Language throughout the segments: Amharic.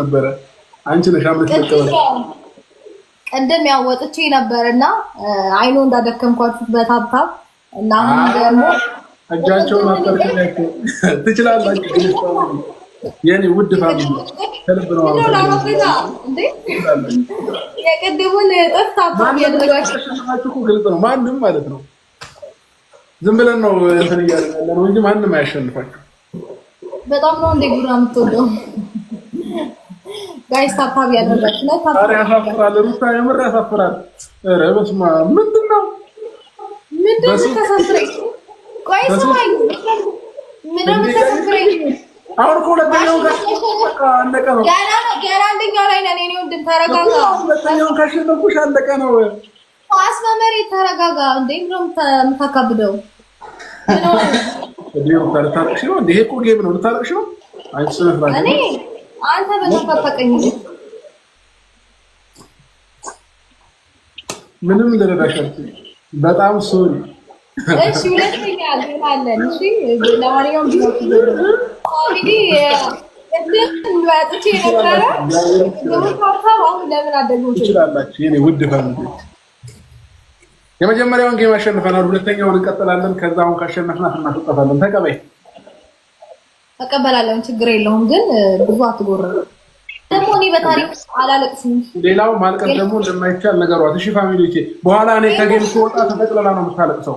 ነበረ አንቺ ነሽ ቅድም ያው ወጥቼ ነበርና አይኖ እንዳደከምኳችሁ በታብታብ እና አሁን ደግሞ እጃቸውን አጠርቅላችሁ ትችላላችሁ። የኔ ውድ ፋሚ ከልብ ነው። የቅድሙን ግልጽ ነው። ማንም ማለት ነው ዝም ብለን ነው እንትን እያደረጋለ ነው እንጂ ማንም አያሸንፋችሁ። በጣም ነው እንዴ ጉራ የምትወደው። ጋይስ ታታብ ያደረጋችሁ ላይ ታታብ ያሳፍራል። ሩታ የምር ያሳፍራል። ኧረ በስመ አብ ምንድን ነው ምንድን ነው የምታሳፍረኝ? ቆይ ስማኝ፣ ምንድን ነው የምታሳፍረኝ? አሁን ከሁለተኛው ጋር አለቀ ነው። ገና ገና አንደኛው ላይ ነን። እኔ ወንድም ተረጋጋ። ሁለተኛውን ካሸነፍኩሽ አለቀ ነው። አስመመሪ ተረጋጋ። እንዴት ነው የምታካብደው? ልታረቅሽ ነው? ይሄ እኮ ጌም ነው። ልታረቅሽ ነው? እኔ አንተ በተፈቀኝ ምንም ልረዳሻት በጣም ሶሪ። እሺ ሁለተኛ ግን እሺ ለማንኛውም እንግዲህ አሁን ለምን አደጉ ይችላላችሁ ውድ ፈልጎች የመጀመሪያውን ጌም አሸንፈናል። ሁለተኛውን እንቀጥላለን። ከዛ አሁን ካሸነፍና እናስወጣታለን። ተቀበይ ተቀበላለን። ችግር የለውም ግን ብዙ አትጎረ ደግሞ እኔ በታሪክ አላለቅስም። ሌላው ማልቀስ ደግሞ እንደማይቻል ነገሯት። እሺ ፋሚሊዎቼ፣ በኋላ እኔ ከጌም ስወጣ ተጠቅለላ ነው የምታለቅሰው።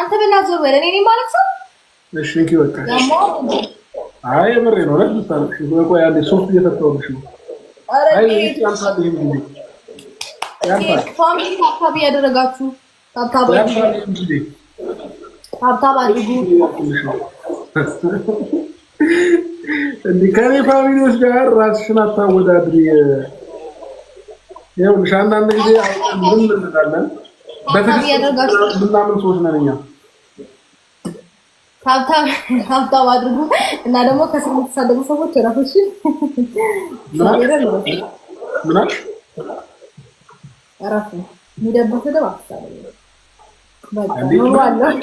አንተ ብናዞር በለ እኔ ማለቅሰው አይ የምሬ ነው። ሶስት እየፈታሁልሽ ነው። ፋሚሊ ታብታብ እያደረጋችሁ ታብታብ ከኔ ፋሚሊዎች ጋር ራስሽን አታወዳድሪ። ይኸውልሽ አንዳንድ ጊዜ ምንም እንላለን። በትዕግስት ምናምን ሰዎች ነን እኛ ታብታብ አድርጉ እና ደግሞ ከስር የምትሳደቡ ሰዎች እረፍት። ስድብ አትሳደቡ።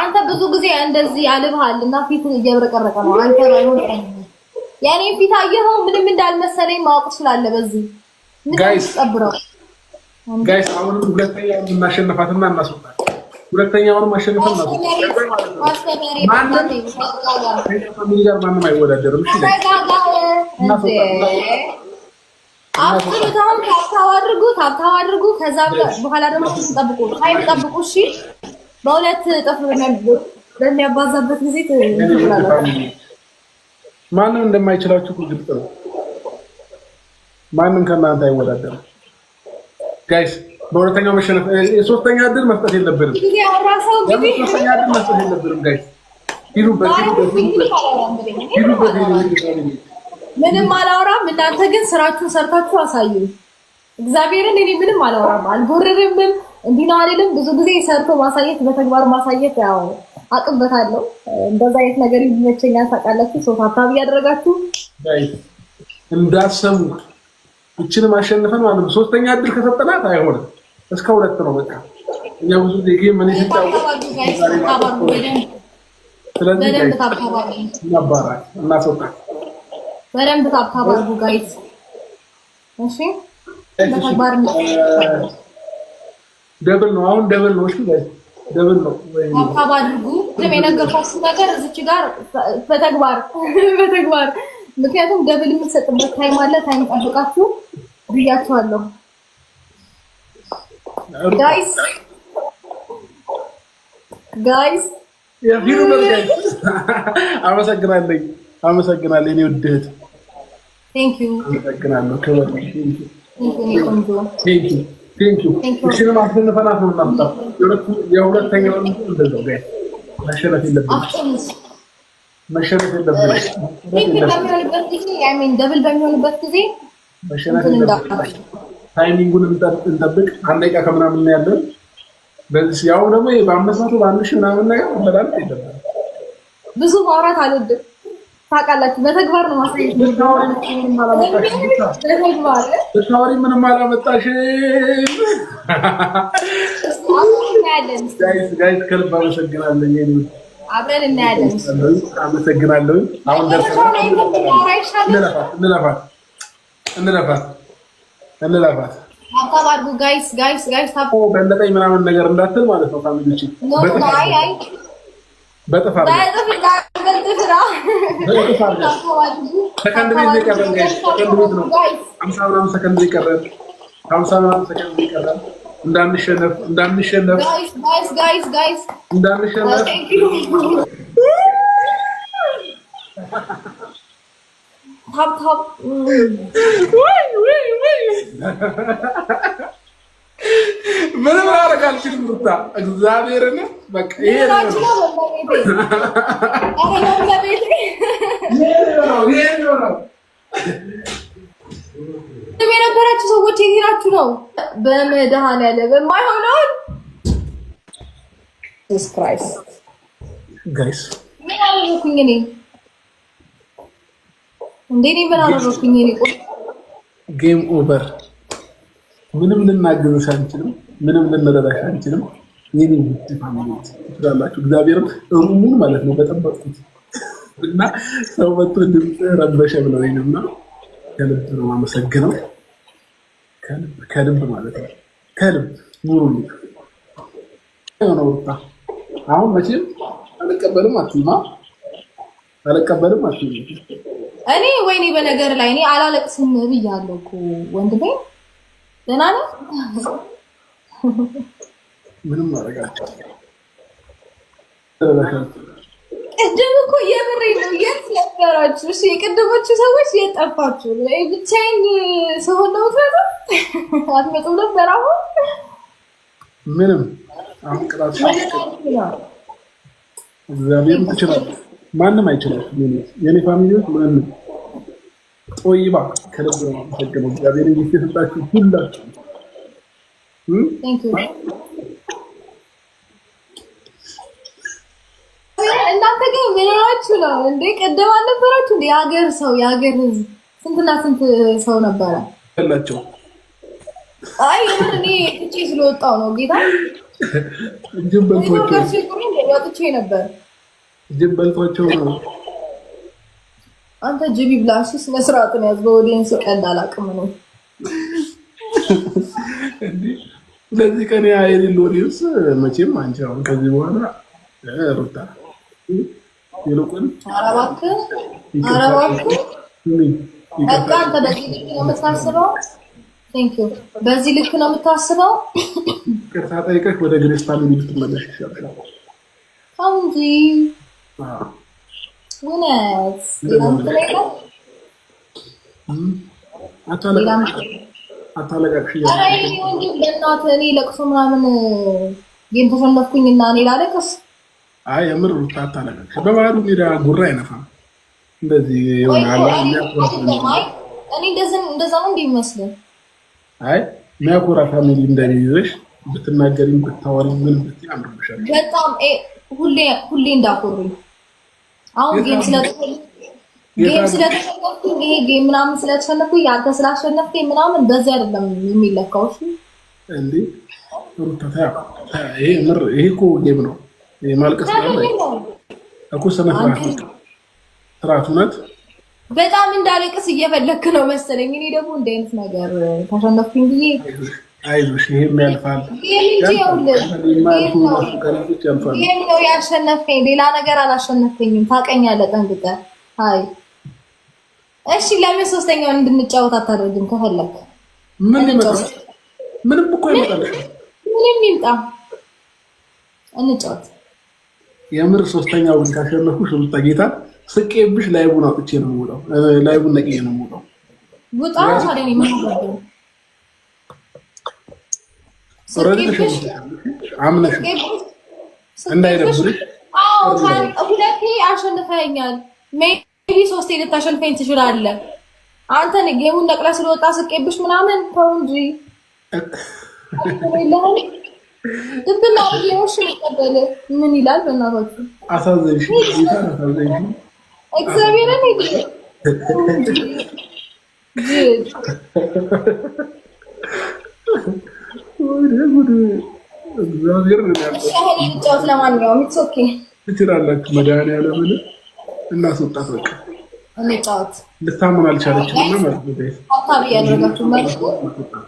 አንተ ብዙ ጊዜ እንደዚህ ያልብሃል እና ፊትን እየብረቀረቀ ነው። አንተ ያኔ ፊት አየኸው ምንም እንዳልመሰለኝ ማወቅ ስላለ በዚህ ጠብረው ጋይስ አሁንም ሁለተኛ እናሸንፋትና እናስወጣለን። ሁለተኛውን ማሸንፈን ማስፈበሬ ማንም አይወዳደርም። አሁን ታብታብ አድርጉ፣ ታብታብ አድርጉ። ከዛ በኋላ ደግሞ ጠብቁ፣ ታይም ጠብቁ። እሺ፣ በሁለት እጥፍ በሚያባዛበት ጊዜ ማንም እንደማይችላችሁ ግልጽ ነው። ማንም ከእናንተ አይወዳደርም። ጋይስ በሁለተኛው መሸነፍ ሶስተኛ እድል መስጠት የለብንም። ምንም አላወራም። እናንተ ግን ስራችሁን ሰርታችሁ አሳዩ። እግዚአብሔርን እኔ ምንም አላወራም፣ አልጎርርምም፣ እንዲህ ነው አልልም። ብዙ ጊዜ ሰርቶ ማሳየት፣ በተግባር ማሳየት ያው አቅምበታለሁ። እንደዛ አይነት ነገር ይመቸኛል። ታውቃላችሁ፣ ሶፋ አካባቢ እያደረጋችሁ እንዳሰሙ እችንም አሸንፈን ማለት ነው። ሶስተኛ እድል ከሰጠናት አይሆንም። እስከ ሁለት ነው በቃ እኛ ብዙ ጊዜ ምን በደንብ እሺ በተግባር ደብል ነው። አሁን ደብል ነው። እሺ ጋይዝ ደብል ነው። ታብታብ ግን የነገርኳችሁ ነገር እዚች ጋር በተግባር በተግባር ምክንያቱም ገብል የምትሰጥበት ታይም አለ። ታይም ጠብቃችሁ ብያችኋለሁ ጋይስ ጋይስ። የፊሉ መጋይ አመሰግናለሁ፣ አመሰግናለሁ የኔ ውድ ቴንክ ዩ አመሰግናለሁ። ክብር ቴንክ ዩ ነው እናምጣ። የሁለተኛውን እንደዛው ጋይስ ማሸነፍ የለብንም መሸረት የለብንም። ደብል በሚሆንበት ጊዜ መሸረት ታይሚንጉን እንጠብቅ። አንድ ደቂቃ ከምናምን ያለን። በዚህ ያው ደግሞ በአምስት መቶ በአንድ ሺህ ምናምን ነገር መድኃኒት የለብንም። ብዙ ማውራት አልወድም። ታውቃላችሁ በተግባር ነው ማሳየት። ብታወሪ ምንም አላመጣሽም። ጋይስ ከልብ አመሰግናለሁ። አብረን እናያለን። አመሰግናለሁ። አሁን እንለፋት። ታብ አድርጉ ጋይስ፣ ጋይስ፣ ጋይስ። ታብ በለጠኝ ምናምን ነገር እንዳትል ማለት ነው። ፋሚሊዎች በጥፋት ሰከንድ ቤት ነው የቀረን። ሀምሳ ምናምን ሰከንድ የቀረን Önemli şeref, önemli şeref. Guys, guys, guys, guys. Önemli şeref. Oh, tap tap. ምንም ማድረግ አልችልም። ሩታ እግዚአብሔርን በቃ ይሄ Ne? Ne? Ne? ያላችሁ ሰዎች የሄዳችሁ ነው። በመድኃኒዓለም የማይሆነውን ኢየሱስ ክራይስት ጋይስ ምን አደረኩኝ እኔ? እንዴ እኔ ምን አደረኩኝ እኔ? ጌም ኦቨር። ምንም ልናግዝሽ አንችልም። ምንም ልንረዳሽ አንችልም። የኔ ውድ ፋሚሊት ትችላላችሁ። እግዚአብሔርም እሩሙን ማለት ነው በጠበቅኩት እና ሰው መጥቶ ድምፅ ረበሸ ብለውኝ ነው ከልብ ነው አመሰግነው። ከልብ ከልብ ማለት ነው። ከልብ ኑሩልኝ። የሆነ ወጣ አሁን መቼም አልቀበልም አትልማ፣ አልቀበልም አትይማ። እኔ ወይኔ በነገር ላይ እኔ አላለቅስም ብያለሁ እኮ ወንድሜ። ደህና ነህ? ምንም አረጋቸው ቅድም እኮ የምሬ ነው። የት ነበራችሁ? እሺ የቅድሞቹ ሰዎች የት ጠፋችሁ? ብቻዬን ስሆን ነው አትመጡም ነበር። አሁን ምንም አሁን ቅጣት ማንም አይችላል። የኔ ፋሚሊዎች ማንም ጦይባ ከልብ ነው የማመሰግነው እግዚአብሔር ይስጣችሁ ሁላችሁ እየሆናችሁ ነው እንዴ? ቅድም አልነበራችሁ እንዴ? የሀገር ሰው የሀገር ህዝብ ስንትና ስንት ሰው ነበረ። አይ እኔ ትቼ ስለወጣው ነው ጌታ ወጥቼ ነበር። ጅብ በልቷቸው ነው። አንተ ጅቢ ብላሽ ስነ ነው ያዝ። በኦዲየንስ ቀልድ አላውቅም ነው ለዚህ ቀን የሌለ ኦዲየንስ መቼም አንቺ አሁን ከዚህ በኋላ ሩታ ይልቁን በዚህ ልክ ነው የምታስበው። ቴንክ ቅርታ ጠይቀህ ወደ ግሬስ ፋሚሊ ልትመለሽ ይሻላል። እንጂ አታለቃቅሽ። እኔ ለቅሶ ምናምን ጌም ተሸነፍኩኝ እና እኔ ላለቅስ አይ የምር ሩታ አታለቀቅ። በባህሉ ሜዳ ጉራ አይነፋም። እንደዚህ የሆነ እኔ እንደዛ ነው እንደሚመስለው። አይ የሚያኮራ ፋሚሊ እንደሚይዘሽ ብትናገሪም ብታወሪም ምን ብትይ አምርብሻል። በጣም ሁሌ ሁሌ እንዳኮሩኝ አሁን ጌም ስለተሸነፍኩኝ ጌም ይሄ ጌም ምናምን ስለተሸነፍኩኝ አንተ ስላሸነፍኩኝ ምናምን በዚህ አይደለም የሚለካው። እሺ እንዴ ሩታ ይሄ ምር ይሄ እኮ ጌም ነው የማልቀስ እኮ በጣም እንዳለቅስ እየፈለክ ነው መሰለኝ። እኔ ደግሞ እንደ አይነት ነገር ታሸነፍኩኝ ብዬ አይዞሽ፣ ይሄም ያልፋል። ነው ሌላ ነገር ታውቀኛለህ ጠንቅቀህ። አይ እሺ፣ ለምን ሶስተኛውን እንድንጫወት አታደርግም? ምንም እኮ ይመጣል። ምንም ይምጣ፣ እንጫወት የምር ሶስተኛ ውን ካሸነፉሽ ሩታ ጌታ ስቄብሽ ላይቡን አውጥቼ ነው የምውለው። ላይቡን ነቅዬ ነው የምውለው። አምነሽ እንዳይደብርሽ። ሁለቴ አሸንፈኛል። ሜቢ ሶስቴ ልታሸንፈኝ ትችላለህ። አንተ ጌሙን ነቅለህ ስለወጣ ስቄብሽ ምናምን ተው እንጂ ግብና ሽ መቀበል ምን ይላል? በእናታችሁ አሳዘንሽ፣ አሳዘንሽ እግዚአብሔርን እግዚአብሔር ለማንኛውም ኦኬ ትችላላችሁ። መድኃኒዓለምን እናስወጣት በቃ እንጫወት። ልታምን አልቻለችም እና ማለት ነው